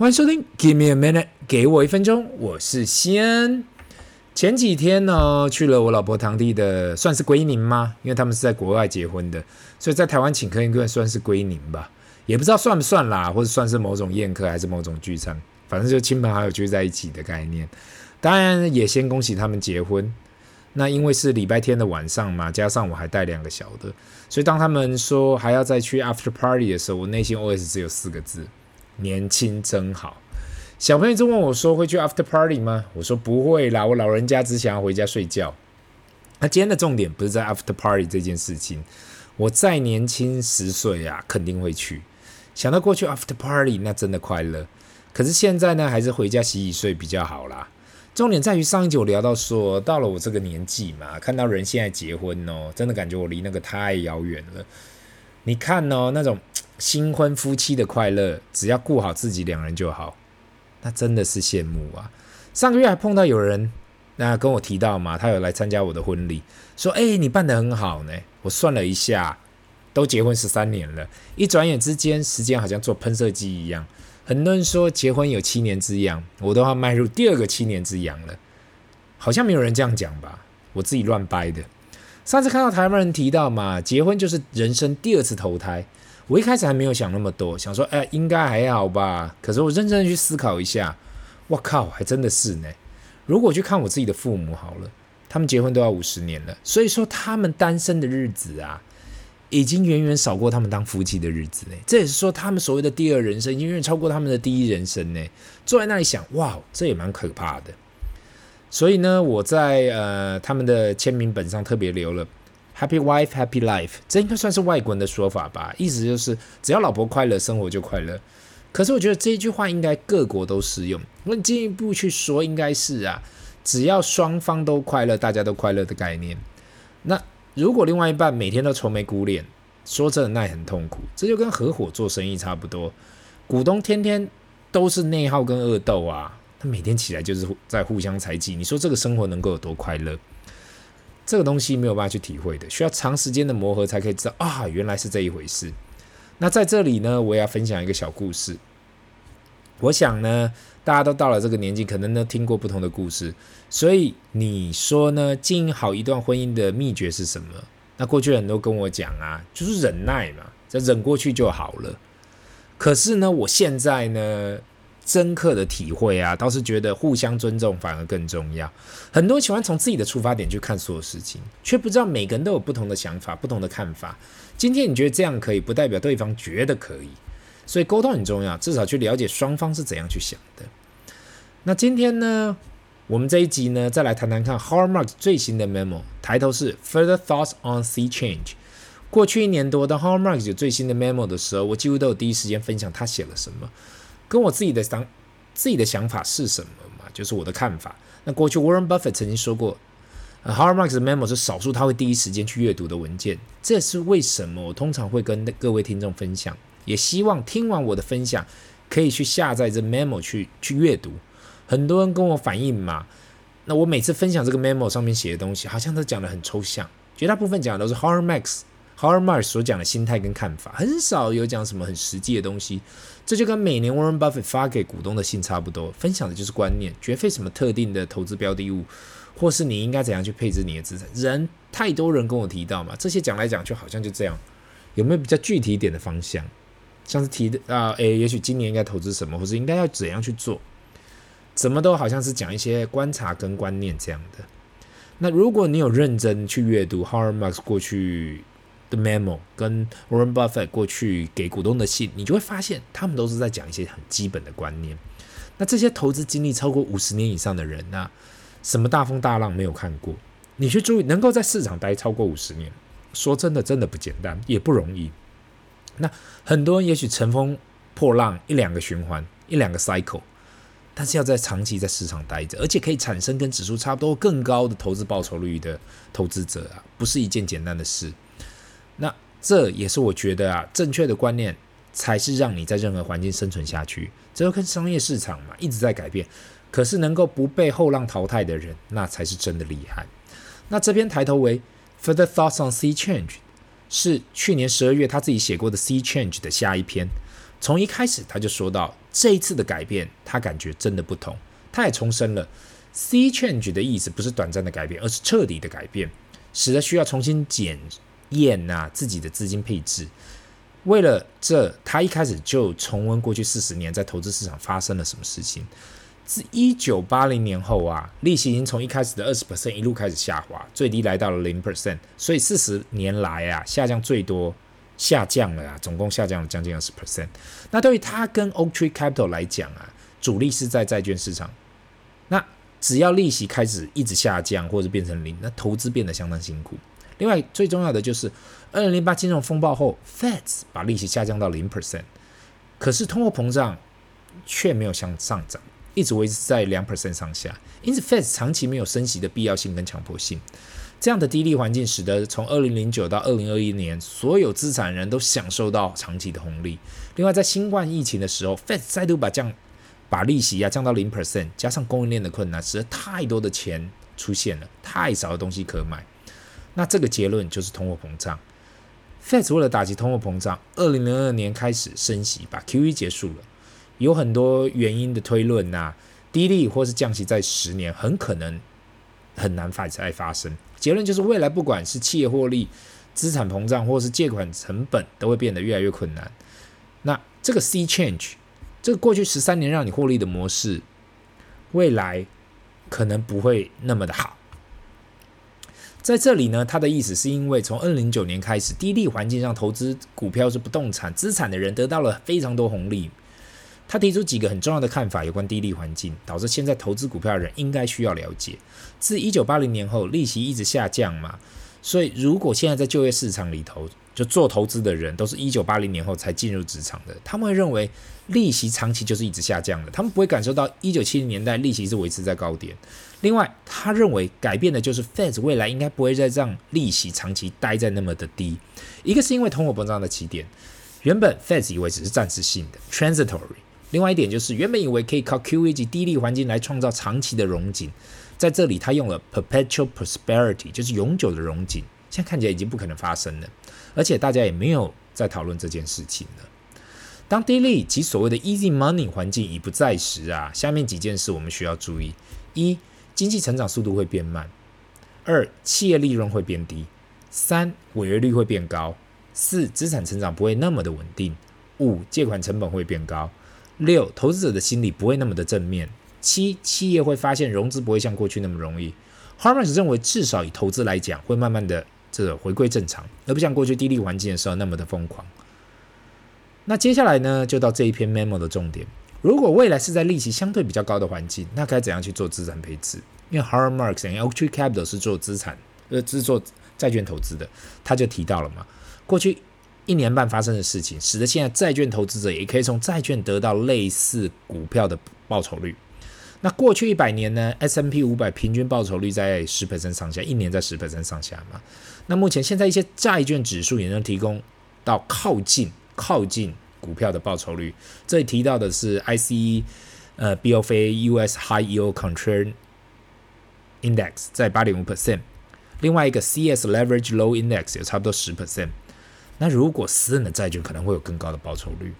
歡迎收聽，Give me a minute，給我一分鐘，我是西恩。前幾天呢，去了我老婆堂弟的，算是歸寧嗎？因為他們是在國外結婚的，所以在台灣請客應該算是歸寧吧，也不知道算不算啦，或者算是某種宴客，還是某種聚餐，反正就親朋好友聚在一起的概念。當然也先恭喜他們結婚。那因為是禮拜天的晚上嘛，加上我還帶兩個小的，所以當他們說還要再去 after party 的時候，我內心 OS 只有四個字。年輕真好，小朋友就問我說：“會去 after party 嗎？”我說：“不會啦，我老人家只想要回家睡覺。”那今天的重點不是在 after party 這件事情。我再年輕十歲啊，肯定會去。想到過去 after party，那真的快樂。可是現在呢，還是回家洗洗睡比較好啦。重點在於上一集我聊到說，到了我這個年紀嘛，看到人現在結婚哦，真的感覺我離那個太遙遠了。你看哦，那種新婚夫妻的快樂，只要顧好自己兩人就好，那真的是羨慕啊！上個月還碰到有人，那跟我提到嘛，他有來參加我的婚禮，說：“哎、欸，你辦得很好呢。”我算了一下，都結婚十三年了，一轉眼之間，時間好像坐噴射機一樣。很多人說結婚有七年之癢，我都要邁入第二個七年之癢了，好像沒有人這樣講吧？我自己亂掰的。上次看到台灣人提到嘛，結婚就是人生第二次投胎。我一開始還沒有想那麼多，想說，哎、欸，應該還好吧。可是我認真去思考一下，我靠，還真的是呢。如果去看我自己的父母好了，他們結婚都要五十年了，所以說他們單身的日子啊，已經遠遠少過他們當夫妻的日子呢。這也是說他們所謂的第二人生，已經遠遠超過他們的第一人生呢。坐在那裡想，哇，這也蠻可怕的。所以呢，我在呃他們的簽名本上特別留了 “Happy wife, happy life”。這應該算是外國人的說法吧？意思就是只要老婆快樂，生活就快樂。可是我覺得這一句話應該各國都適用。那你進一步去說，應該是啊，只要雙方都快樂，大家都快樂的概念。那如果另外一半每天都愁眉苦臉，說真的，那也很痛苦。這就跟合夥做生意差不多，股東天天都是內耗跟惡鬥啊。他每天起來就是在互相猜忌，你說這個生活能夠有多快樂？這個東西沒有辦法去體會的，需要長時間的磨合才可以知道啊，原來是這一回事。那在這裡呢，我也要分享一個小故事。我想呢，大家都到了這個年紀，可能呢聽過不同的故事，所以你說呢，經營好一段婚姻的秘訣是什麼？那過去人都跟我講啊，就是忍耐嘛，就忍過去就好了。可是呢，我現在呢，深刻的體會啊，倒是覺得互相尊重反而更重要。很多喜歡從自己的出發點去看所有事情，卻不知道每個人都有不同的想法、不同的看法。今天你覺得這樣可以，不代表對方覺得可以。所以溝通很重要，至少去了解雙方是怎樣去想的。那今天呢，我們這一集呢，再來談談看 Howard Marks 最新的 memo，抬頭是 Further Thoughts on Sea Change。過去一年多，當 Howard Marks 有最新的 memo 的時候，我幾乎都有第一時間分享他寫了什麼。跟我自己的想，自己的想法是什麼嘛，就是我的看法。那過去 Warren Buffett 曾經說過，呃 Howard Marks 的 memo 是少數他會第一時間去閱讀的文件。這是為什麼，我通常會跟各位聽眾分享，也希望聽完我的分享，可以去下載這 memo 去去閱讀。很多人跟我反映嘛，那我每次分享這個 memo 上面寫的東西，好像都講得很抽象，絕大部分講的都是 Howard Marks Howard Marks 所講的心態跟看法，很少有講什麼很實際的東西，這就跟每年 Warren Buffett 發給股東的信差不多，分享的就是觀念，絕非什麼特定的投資標的物，或是你應該怎樣去配置你的資產。人太多人跟我提到嘛，這些講來講就好像就這樣，有沒有比較具體一點的方向？像是提的啊、呃，誒，也許今年應該投資什麼，或是應該要怎樣去做？怎麼都好像是講一些觀察跟觀念這樣的。那如果你有認真去閱讀 Howard Marks 過去。The memo 跟 Warren Buffett 過去給股東的信，你就會發現他們都是在講一些很基本的觀念。那這些投資經歷超過五十年以上的人啊，什麼大風大浪沒有看過？你去注意，能夠在市場待超過五十年，說真的，真的不簡單，也不容易。那很多人也許乘風破浪，一兩個循環，一兩個 cycle，但是要在長期在市場待着，而且可以產生跟指數差不多更高的投資報酬率的投資者啊，不是一件簡單的事。那這也是我覺得啊，正確的觀念才是讓你在任何環境生存下去。這跟商業市場嘛，一直在改變，可是能夠不被後浪淘汰的人，那才是真的厲害。那這篇抬頭為 Further Thoughts on Sea Change，是去年十二月他自己寫過的 Sea Change 的下一篇。從一開始他就說到，這一次的改變，他感覺真的不同。他也重申了 Sea Change 的意思，不是短暫的改變，而是徹底的改變，使得需要重新檢。驗啊，自己的資金配置。為了這，他一開始就重溫過去四十年在投資市場發生了什麼事情。自一九八零年後啊，利息已經從一開始的二十 percent 一路開始下滑，最低來到了零 percent。所以四十年來啊，下降最多，下降了啊，總共下降了將近二十 percent。那對於他跟 Oaktree Capital 來講啊，主力是在債券市場。那只要利息開始一直下降，或者是變成零，那投資變得相當辛苦。另外最重要的就是，二零零八金融風暴後，Fed 把利息下降到零 percent，可是通貨膨脹卻沒有向上漲，一直維持在兩 percent 上下。因此，Fed 長期沒有升息的必要性跟強迫性。這樣的低利環境使得從二零零九到二零二一年，所有資產人都享受到長期的紅利。另外，在新冠疫情的時候，Fed 再度把降把利息啊降到零 percent，加上供應鏈的困難，使得太多的錢出現了，太少的東西可買。那這個結論就是通貨膨脹。Fed 為了打擊通貨膨脹，二零二二年開始升息，把 QE 結束了。有很多原因的推論吶、啊，低利或是降息在十年很可能很難再發生。結論就是未來不管是企業獲利、資產膨脹，或是借款成本，都會變得越來越困難。那這個 Sea Change，這個過去十三年讓你獲利的模式，未來可能不會那麼的好。在這裡呢，他的意思是因為從二零零九年開始，低利環境上投資股票是不動產資產的人得到了非常多紅利。他提出幾個很重要的看法，有關低利環境導致現在投資股票的人應該需要了解。自一九八零年後，利息一直下降嘛。所以，如果現在在就業市場裡頭就做投資的人，都是一九八零年後才進入職場的，他們會認為利息長期就是一直下降的，他們不會感受到一九七零年代利息是維持在高點。另外，他認為改變的就是 Fed 未來應該不會再讓利息長期待在那麼的低。一個是因為通貨膨脹的起點，原本 Fed 以為只是暫時性的 （transitory），另外一點就是原本以為可以靠 QE 及低利環境來創造長期的榮景。在這裡，他用了 perpetual prosperity，就是永久的榮景，現在看起來已經不可能發生了，而且大家也沒有在討論這件事情了。當低利率及所謂的 easy money 環境已不在時啊，下面幾件事我們需要注意：一、經濟成長速度會變慢；二、企業利潤會變低；三、違約率會變高；四、資產成長不會那麼的穩定；五、借款成本會變高；六、投資者的心理不會那麼的正面。企企業會發現融資不會像過去那麼容易。Howard Marks 認為，至少以投資來講，會慢慢的這個回歸正常，而不像過去低利環境的時候那麼的瘋狂。那接下來呢，就到這一篇 memo 的重點。如果未來是在利息相對比較高的環境，那該怎樣去做資產配置？因為 Howard Marks 和 Oaktree Capital 是做資產呃，是做債券投資的，他就提到了嘛，過去一年半發生的事情，使得現在債券投資者也可以從債券得到類似股票的報酬率。那過去一百年呢？S&P 五百平均報酬率在十 percent 上下，一年在十 percent 上下嘛。那目前現在一些債券指數也能提供到靠近靠近股票的報酬率。這裡提到的是 I C E 呃 B O F A U S High Yield Constrained Index 在八點五 percent，另外一個 C S Leverage Low Index 有差不多十 percent。那如果私人的債券可能會有更高的報酬率。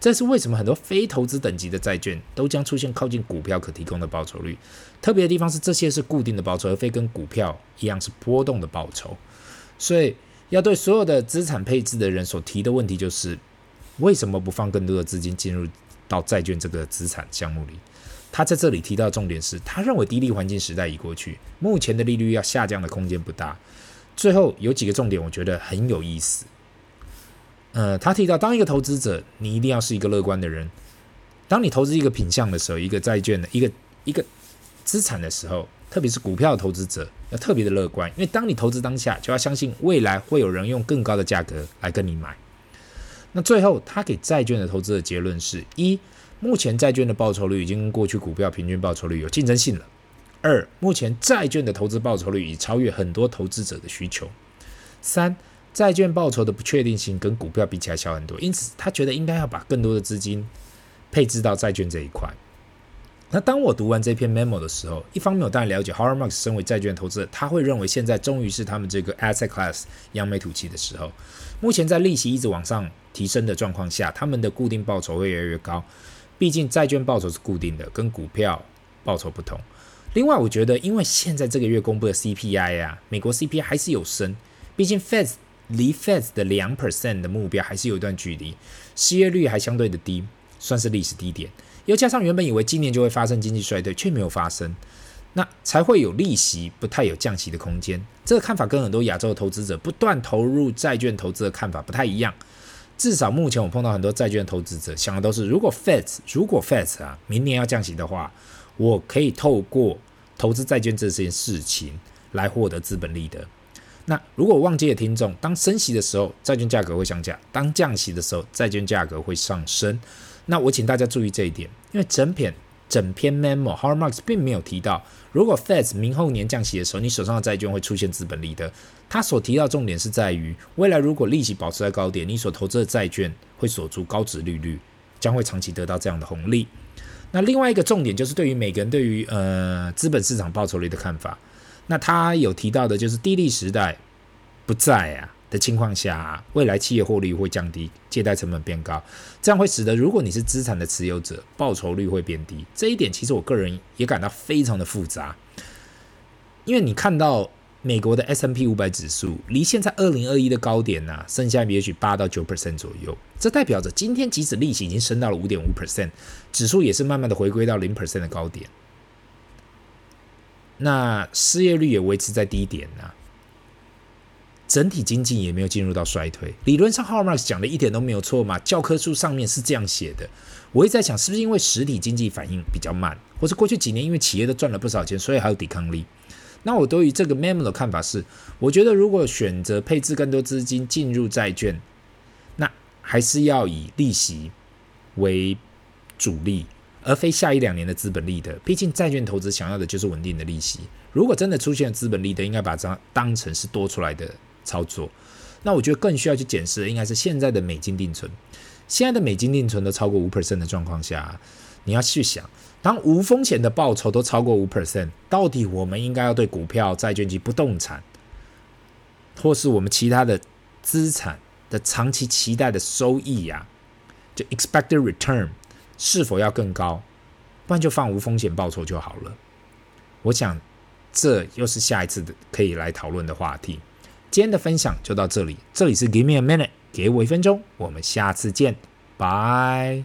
這是為什麼很多非投資等級的債券都將出現靠近股票可提供的報酬率。特別的地方是，這些是固定的報酬，而非跟股票一樣是波動的報酬。所以，要對所有的資產配置的人所提的問題就是，為什麼不放更多的資金進入到債券這個資產項目裡？他在這裡提到的重點是，他認為低利環境時代已過去，目前的利率要下降的空間不大。最後有幾個重點，我覺得很有意思。呃，他提到，當一個投資者，你一定要是一個樂觀的人。當你投資一個品項的時候，一個債券的一個一個資產的時候，特別是股票投資者，要特別的樂觀，因為當你投資當下，就要相信未來會有人用更高的價格來跟你買。那最後，他給債券的投資的結論是：一、目前債券的報酬率已經跟過去股票平均報酬率有競爭性了；二、目前債券的投資報酬率已超越很多投資者的需求；三、債券報酬的不確定性跟股票比起來小很多，因此他覺得應該要把更多的資金配置到債券這一塊。那當我讀完這篇 memo 的時候，一方面我當然了解 Howard Marks 身為債券投資者，他會認為現在終於是他們這個 asset class 揚眉吐氣的時候。目前在利息一直往上提升的狀況下，他們的固定報酬會越來越高。畢竟債券報酬是固定的，跟股票報酬不同。另外，我覺得因為現在這個月公布的 CPI 啊，美國 CPI 還是有升，畢竟 Fed。離 Fed 的兩 percent 的目標還是有一段距離，失業率還相對的低，算是歷史低點。又加上原本以為今年就會發生經濟衰退，卻沒有發生，那才會有利息不太有降息的空間。這個看法跟很多亞洲的投資者不斷投入債券投資的看法不太一樣。至少目前我碰到很多債券投資者想的都是：如果 Fed 如果 Fed 啊明年要降息的話，我可以透過投資債券這件事情來獲得資本利得。那如果忘記的聽眾，當升息的時候，債券價格會下降；當降息的時候，債券價格會上升。那我請大家注意這一點，因為整篇整篇 Memo Howard Marks 並沒有提到，如果 Fed 明後年降息的時候，你手上的債券會出現資本利得。他所提到的重點是在於，未來如果利息保持在高點，你所投資的債券會鎖住高殖利率，將會長期得到這樣的紅利。那另外一個重點就是對於每個人對於呃資本市場報酬率的看法。那他有提到的，就是低利時代不在啊的情況下、啊，未來企業獲利會降低，借貸成本變高，這樣會使得如果你是資產的持有者，報酬率會變低。這一點其實我個人也感到非常的複雜，因為你看到美國的 S&P 五百指數離現在二零二一的高點呢、啊，剩下也許八到九 percent 左右，這代表着今天即使利息已經升到了五點五 percent，指數也是慢慢的回歸到零 percent 的高點。那失業率也維持在低點呢、啊，整體經濟也沒有進入到衰退。理論上 Howard 講的一點都沒有錯嘛，教科書上面是這樣寫的。我一直在想，是不是因為實體經濟反應比較慢，或是過去幾年因為企業都賺了不少錢，所以還有抵抗力？那我對於這個 memo 的看法是，我覺得如果選擇配置更多資金進入債券，那還是要以利息為主力。而非下一兩年的資本利得，畢竟債券投資想要的就是穩定的利息。如果真的出現了資本利得，應該把它當成是多出來的操作。那我覺得更需要去檢視的，應該是現在的美金定存。現在的美金定存都超過五 percent 的狀況下、啊，你要去想，當無風險的報酬都超過五 percent，到底我們應該要對股票、債券及不動產，或是我們其他的資產的長期期待的收益呀、啊，就 expected return。是否要更高？不然就放無風險報酬就好了。我想，這又是下一次的可以來討論的話題。今天的分享就到這裡，這裡是 Give me a minute，給我一分鐘，我們下次見，拜。